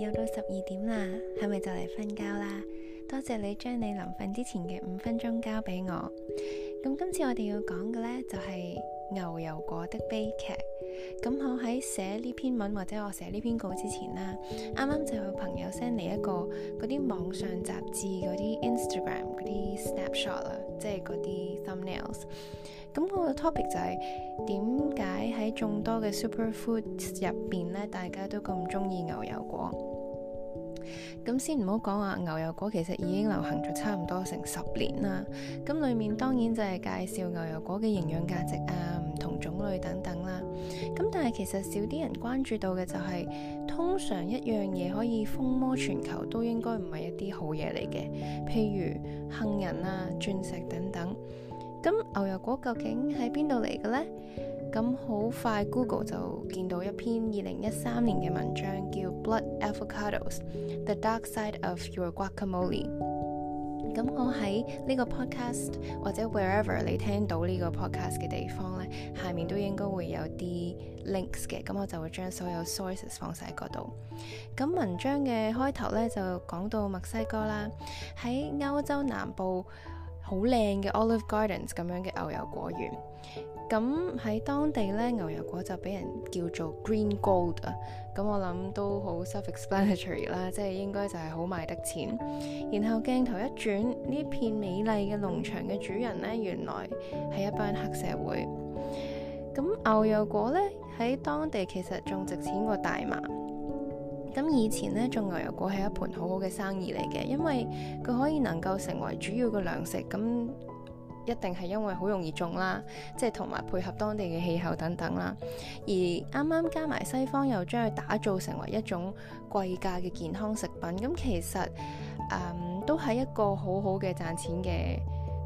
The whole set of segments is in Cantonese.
又到十二點啦，係咪就嚟瞓覺啦？多謝你將你臨瞓之前嘅五分鐘交俾我。咁今次我哋要講嘅呢，就係牛油果的悲劇。咁我喺寫呢篇文或者我寫呢篇稿之前啦，啱啱就有朋友 send 嚟一個嗰啲網上雜誌嗰啲 Instagram 嗰啲 snapshot 啦，即係嗰啲 thumbnails。咁我嘅 topic 就係點解喺眾多嘅 super foods 入邊呢，大家都咁中意牛油果。咁先唔好講話，牛油果其實已經流行咗差唔多成十年啦。咁裏面當然就係介紹牛油果嘅營養價值啊，唔同種類等等啦，啊。咁但係其實少啲人關注到嘅就係，是，通常一樣嘢可以風靡全球，都應該唔係一啲好嘢嚟嘅，譬如杏仁啊、鑽石等等。咁牛油果究竟喺邊度嚟嘅呢？咁好快 Google 就見到一篇二零一三年嘅文章，叫 Blood Avocados：The Dark Side of Your Guacamole。咁我喺呢個 Podcast 或者 Wherever 你聽到呢個 Podcast 嘅地方呢，下面都應該會有啲 links 嘅。咁我就會將所有 sources 放晒喺嗰度。咁文章嘅開頭呢，就講到墨西哥啦，喺歐洲南部。好靚嘅 Olive Gardens 咁樣嘅牛油果園，咁喺當地呢，牛油果就俾人叫做 Green Gold 啊。咁我諗都好 self-explanatory 啦，即係應該就係好賣得錢。然後鏡頭一轉，呢片美麗嘅農場嘅主人呢，原來係一班黑社會。咁牛油果呢，喺當地其實仲值錢過大麻。咁以前咧，種牛油果係一盤好好嘅生意嚟嘅，因為佢可以能夠成為主要嘅糧食，咁一定係因為好容易種啦，即係同埋配合當地嘅氣候等等啦。而啱啱加埋西方又將佢打造成為一種貴價嘅健康食品，咁其實，嗯，都係一個好好嘅賺錢嘅。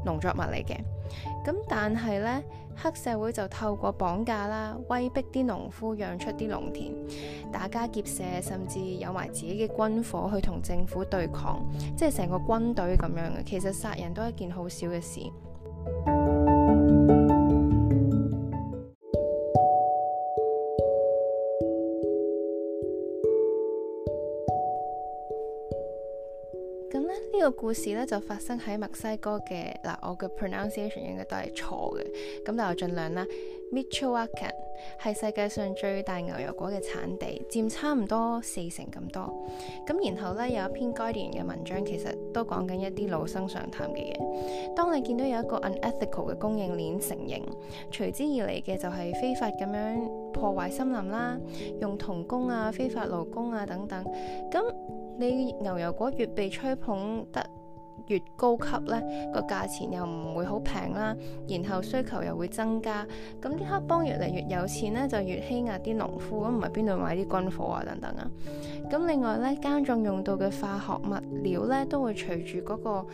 農作物嚟嘅，咁但係呢，黑社會就透過綁架啦，威逼啲農夫讓出啲農田，打家劫舍，甚至有埋自己嘅軍火去同政府對抗，即係成個軍隊咁樣嘅。其實殺人都係一件好小嘅事。咁咧呢個故事咧就發生喺墨西哥嘅嗱，我嘅 pronunciation 應該都係錯嘅，咁但我盡量啦。Michoacan 係世界上最大牛油果嘅產地，佔差唔多四成咁多。咁然後呢，有一篇 Guardian 嘅文章，其實都講緊一啲老生常談嘅嘢。當你見到有一個 unethical 嘅供應鏈成形，隨之而嚟嘅就係非法咁樣破壞森林啦，用童工啊、非法勞工啊等等，咁。你牛油果越被吹捧得越高級呢，呢個價錢又唔會好平啦，然後需求又會增加。咁啲黑幫越嚟越有錢呢，就越欺壓啲農夫，咁唔係邊度買啲軍火啊等等啊。咁另外呢，耕種用到嘅化學物料呢，都會隨住嗰個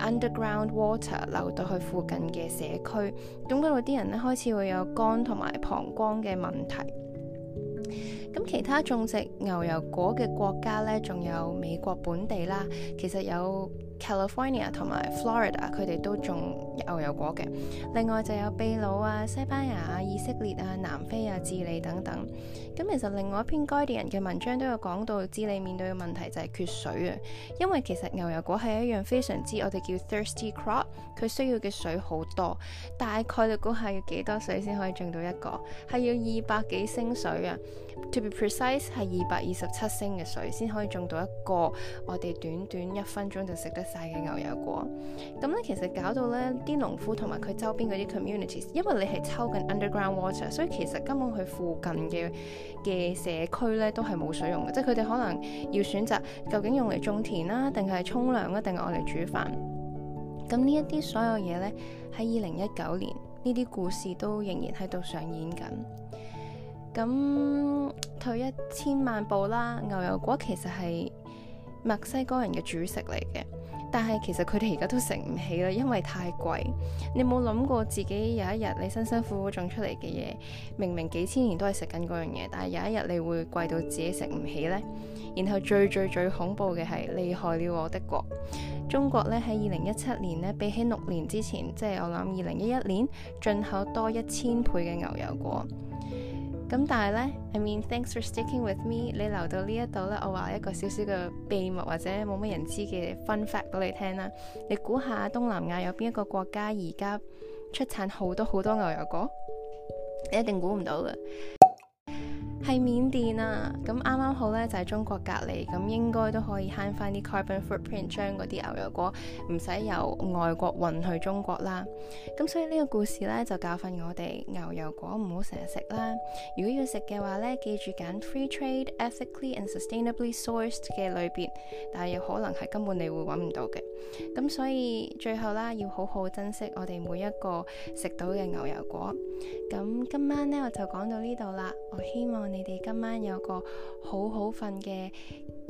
underground water 流到去附近嘅社區，咁嗰度啲人呢，開始會有肝同埋膀胱嘅問題。咁其他種植牛油果嘅國家呢，仲有美國本地啦。其實有。California 同埋 Florida，佢哋都種牛油果嘅。另外就有秘魯啊、西班牙啊、以色列啊、南非啊、智利等等。咁其實另外一篇《Guardian》嘅文章都有講到，智利面對嘅問題就係缺水啊。因為其實牛油果係一樣非常之，我哋叫 thirsty crop，佢需要嘅水好多。大概你估下要幾多水先可以種到一個，係要二百幾升水啊。To be precise 係二百二十七升嘅水先可以種到一個。我哋短短一分鐘就食得曬嘅牛油果咁咧、嗯，其實搞到咧啲農夫同埋佢周邊嗰啲 communities，因為你係抽緊 underground water，所以其實根本佢附近嘅嘅社區咧都係冇水用嘅，即係佢哋可能要選擇究竟用嚟種田啦，定係沖涼啊，定係、啊、用嚟煮飯咁呢一啲所有嘢咧。喺二零一九年呢啲故事都仍然喺度上演緊。咁、嗯、退一千萬步啦，牛油果其實係墨西哥人嘅主食嚟嘅。但係其實佢哋而家都食唔起啦，因為太貴。你冇諗過自己有一日你辛辛苦苦種出嚟嘅嘢，明明幾千年都係食緊嗰樣嘢，但係有一日你會貴到自己食唔起呢？然後最最最恐怖嘅係，厲害了我的國。中國咧喺二零一七年呢，比起六年之前，即係我諗二零一一年，進口多一千倍嘅牛油果。咁但係呢 I mean, thanks for sticking with me。你留到呢一度咧，我話一個少少嘅秘密或者冇乜人知嘅 fun fact 俾你聽啦。你估下東南亞有邊一個國家而家出產好多好多牛油果？你一定估唔到嘅。係緬甸啊，咁啱啱好呢，就係中國隔離，咁應該都可以慳翻啲 carbon footprint，將嗰啲牛油果唔使由外國運去中國啦。咁所以呢個故事呢，就教訓我哋牛油果唔好成日食啦。如果要食嘅話呢，記住揀 free trade ethically and sustainably sourced 嘅裡面，但係有可能係根本你會揾唔到嘅。咁所以最後啦，要好好珍惜我哋每一個食到嘅牛油果。咁今晚呢，我就講到呢度啦，我希望你哋今晚有個好好瞓嘅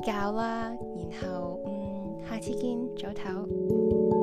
覺啦，然後嗯，下次見，早唞。